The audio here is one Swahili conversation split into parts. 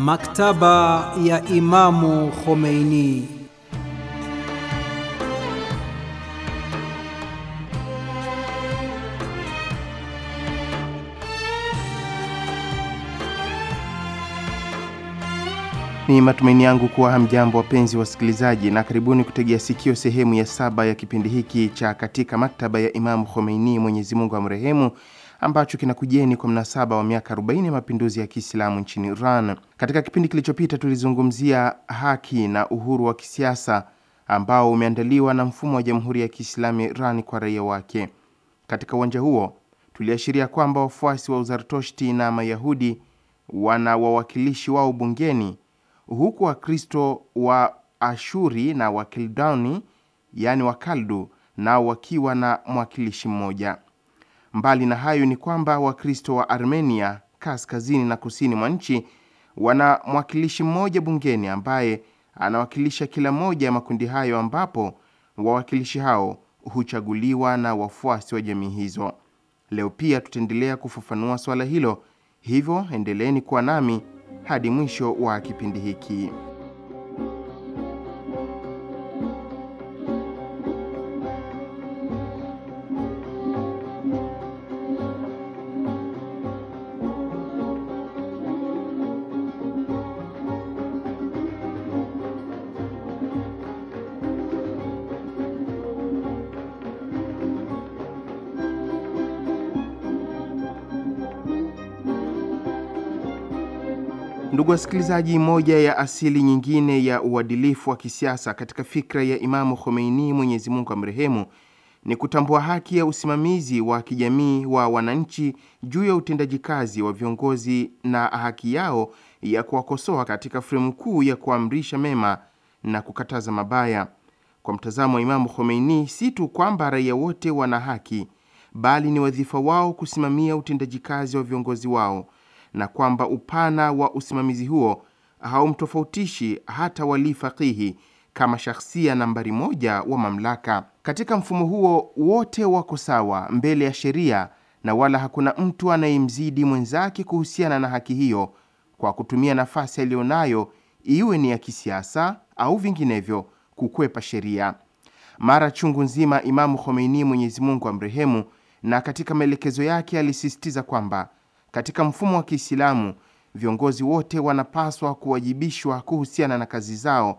Maktaba ya Imamu Khomeini. Ni matumaini yangu kuwa hamjambo wapenzi wasikilizaji, na karibuni kutegea sikio sehemu ya saba ya kipindi hiki cha katika maktaba ya Imamu Khomeini, Mwenyezi Mungu amrehemu ambacho kinakujeni kwa mnasaba wa miaka 40 ya mapinduzi ya Kiislamu nchini Iran. Katika kipindi kilichopita tulizungumzia haki na uhuru wa kisiasa ambao umeandaliwa na mfumo wa Jamhuri ya Kiislamu ya Iran kwa raia wake. Katika uwanja huo tuliashiria kwamba wafuasi wa Uzartoshti na Mayahudi wana wawakilishi wao bungeni huku Wakristo wa Ashuri na Wakildani yaani Wakaldu nao wakiwa na mwakilishi mmoja. Mbali na hayo ni kwamba Wakristo wa Armenia kaskazini na kusini mwa nchi wana mwakilishi mmoja bungeni ambaye anawakilisha kila moja ya makundi hayo ambapo wawakilishi hao huchaguliwa na wafuasi wa jamii hizo. Leo pia tutaendelea kufafanua swala hilo, hivyo endeleeni kuwa nami hadi mwisho wa kipindi hiki. Ndugu wasikilizaji, moja ya asili nyingine ya uadilifu wa kisiasa katika fikra ya Imamu Khomeini, Mwenyezi Mungu amrehemu, ni kutambua haki ya usimamizi wa kijamii wa wananchi juu ya utendaji kazi wa viongozi na haki yao ya kuwakosoa katika fremu kuu ya kuamrisha mema na kukataza mabaya. Kwa mtazamo wa Imamu Khomeini, si tu kwamba raia wote wana haki, bali ni wadhifa wao kusimamia utendaji kazi wa viongozi wao na kwamba upana wa usimamizi huo haumtofautishi hata walii fakihi kama shakhsia nambari moja wa mamlaka. Katika mfumo huo wote wako sawa mbele ya sheria, na wala hakuna mtu anayemzidi mwenzake kuhusiana na haki hiyo kwa kutumia nafasi aliyonayo, iwe ni ya kisiasa au vinginevyo, kukwepa sheria. Mara chungu nzima Imamu Khomeini, Mwenyezi Mungu amrehemu, na katika maelekezo yake alisisitiza kwamba katika mfumo wa Kiislamu, viongozi wote wanapaswa kuwajibishwa kuhusiana na kazi zao,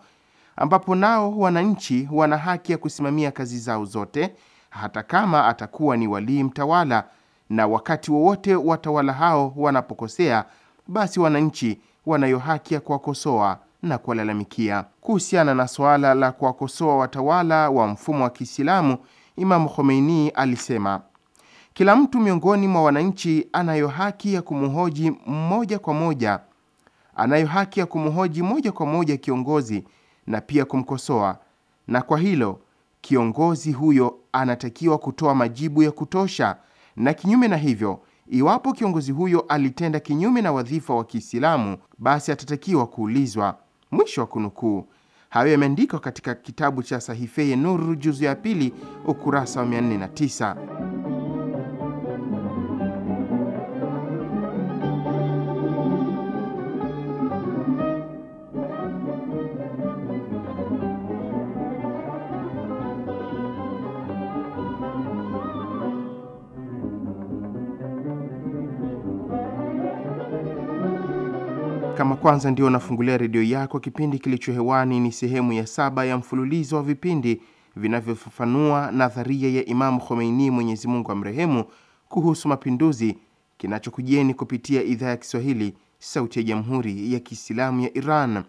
ambapo nao wananchi wana haki ya kusimamia kazi zao zote, hata kama atakuwa ni walii mtawala. Na wakati wowote watawala hao wanapokosea, basi wananchi wanayo haki ya kuwakosoa na kuwalalamikia. Kuhusiana na suala la kuwakosoa watawala wa mfumo wa Kiislamu, Imamu Khomeini alisema: kila mtu miongoni mwa wananchi anayo haki ya kumhoji moja kwa moja, anayo haki ya kumhoji moja kwa moja kiongozi na pia kumkosoa, na kwa hilo kiongozi huyo anatakiwa kutoa majibu ya kutosha, na kinyume na hivyo, iwapo kiongozi huyo alitenda kinyume na wadhifa wa Kiislamu, basi atatakiwa kuulizwa. Mwisho wa kunukuu. Hayo yameandikwa katika kitabu cha Sahifeye Nur, juzu ya pili, ukurasa wa 409. kwanza ndio unafungulia redio yako, kipindi kilicho hewani ni sehemu ya saba ya mfululizo wa vipindi vinavyofafanua nadharia ya Imamu Khomeini, Mwenyezi Mungu amrehemu, kuhusu mapinduzi, kinachokujieni kupitia idhaa ya Kiswahili, Sauti ya Jamhuri ya Kiislamu ya Iran.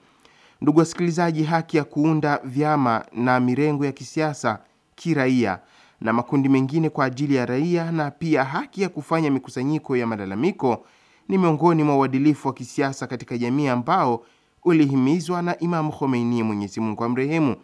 Ndugu wasikilizaji, haki ya kuunda vyama na mirengo ya kisiasa, kiraia na makundi mengine kwa ajili ya raia na pia haki ya kufanya mikusanyiko ya malalamiko ni miongoni mwa uadilifu wa kisiasa katika jamii ambao ulihimizwa na Imamu Khomeini, Mwenyezi Mungu amrehemu.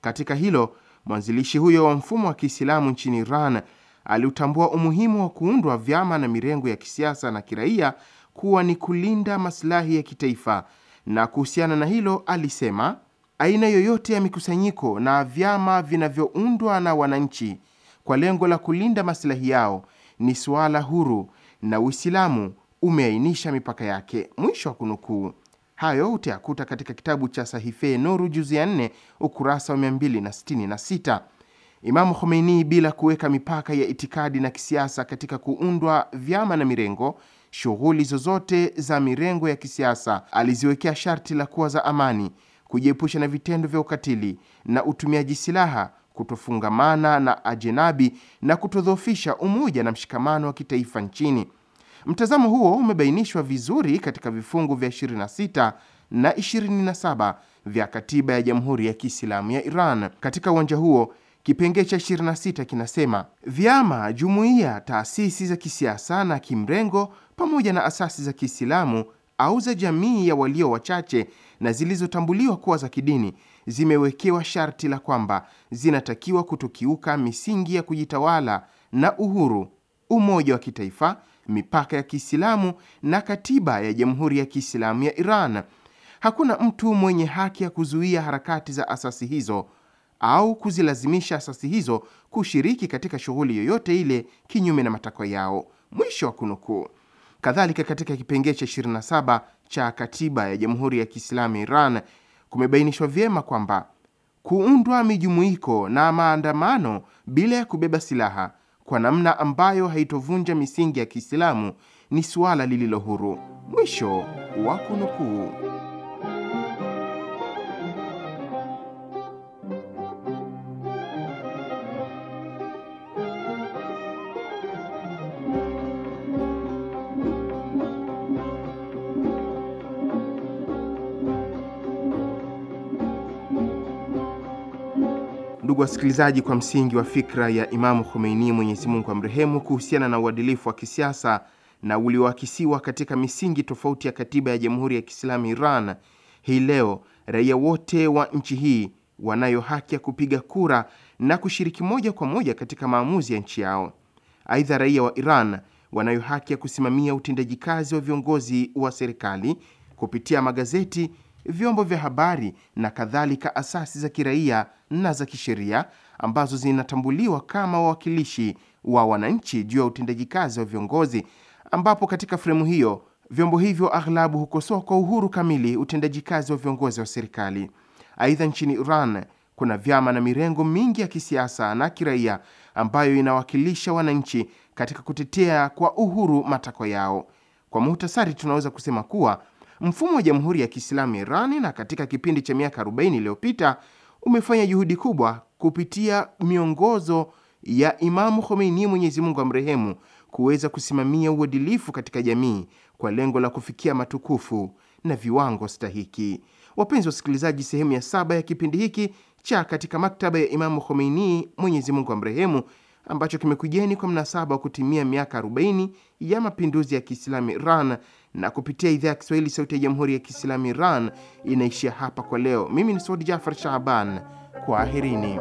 Katika hilo, mwanzilishi huyo wa mfumo wa Kiislamu nchini Iran aliutambua umuhimu wa kuundwa vyama na mirengo ya kisiasa na kiraia kuwa ni kulinda masilahi ya kitaifa, na kuhusiana na hilo alisema, aina yoyote ya mikusanyiko na vyama vinavyoundwa na wananchi kwa lengo la kulinda masilahi yao ni suala huru, na Uislamu umeainisha mipaka yake. Mwisho wa kunukuu. Hayo utayakuta katika kitabu cha Sahife Nuru juzi ya nne ukurasa wa 266. Imamu Khomeini, bila kuweka mipaka ya itikadi na kisiasa katika kuundwa vyama na mirengo, shughuli zozote za mirengo ya kisiasa, aliziwekea sharti la kuwa za amani, kujiepusha na vitendo vya ukatili na utumiaji silaha, kutofungamana na ajenabi na kutodhoofisha umoja na mshikamano wa kitaifa nchini. Mtazamo huo umebainishwa vizuri katika vifungu vya 26 na 27 vya katiba ya Jamhuri ya Kiislamu ya Iran. Katika uwanja huo, kipengee cha 26 kinasema, vyama, jumuiya, taasisi za kisiasa na kimrengo pamoja na asasi za Kiislamu au za jamii ya walio wachache na zilizotambuliwa kuwa za kidini zimewekewa sharti la kwamba zinatakiwa kutokiuka misingi ya kujitawala na uhuru, umoja wa kitaifa mipaka ya Kiislamu na katiba ya Jamhuri ya Kiislamu ya Iran. Hakuna mtu mwenye haki ya kuzuia harakati za asasi hizo au kuzilazimisha asasi hizo kushiriki katika shughuli yoyote ile kinyume na matakwa yao. Mwisho wa kunukuu. Kadhalika, katika kipengee cha 27 cha katiba ya Jamhuri ya Kiislamu ya Iran kumebainishwa vyema kwamba kuundwa mijumuiko na maandamano bila ya kubeba silaha kwa namna ambayo haitovunja misingi ya Kiislamu ni suala lililo huru. Mwisho wa kunukuu. ndugu wasikilizaji, kwa msingi wa fikra ya Imamu Khomeini, Mwenyezi Mungu amrehemu, kuhusiana na uadilifu wa kisiasa na ulioakisiwa katika misingi tofauti ya katiba ya Jamhuri ya Kiislamu Iran, hii leo raia wote wa nchi hii wanayo haki ya kupiga kura na kushiriki moja kwa moja katika maamuzi ya nchi yao. Aidha, raia wa Iran wanayo haki ya kusimamia utendaji kazi wa viongozi wa serikali kupitia magazeti vyombo vya habari na kadhalika, asasi za kiraia na za kisheria ambazo zinatambuliwa kama wawakilishi wa wananchi juu ya utendaji kazi wa viongozi, ambapo katika fremu hiyo vyombo hivyo aghlabu hukosoa kwa uhuru kamili utendaji kazi wa viongozi wa serikali. Aidha, nchini Iran kuna vyama na mirengo mingi ya kisiasa na kiraia ambayo inawakilisha wananchi katika kutetea kwa uhuru matakwa yao. Kwa muhtasari, tunaweza kusema kuwa Mfumo wa Jamhuri ya Kiislamu Irani na katika kipindi cha miaka 40 iliyopita umefanya juhudi kubwa kupitia miongozo ya Imamu Khomeini, Mwenyezi Mungu amrehemu, kuweza kusimamia uadilifu katika jamii kwa lengo la kufikia matukufu na viwango stahiki. Wapenzi wasikilizaji, sehemu ya saba ya kipindi hiki cha katika maktaba ya Imamu Khomeini, Mwenyezi Mungu amrehemu ambacho kimekujeni kwa mnasaba wa kutimia miaka 40 ya mapinduzi ya Kiislamu Iran na kupitia idhaa ya Kiswahili sauti ya Jamhuri ya Kiislamu Iran inaishia hapa kwa leo. Mimi ni Saudi Jafar kwa kwaherini.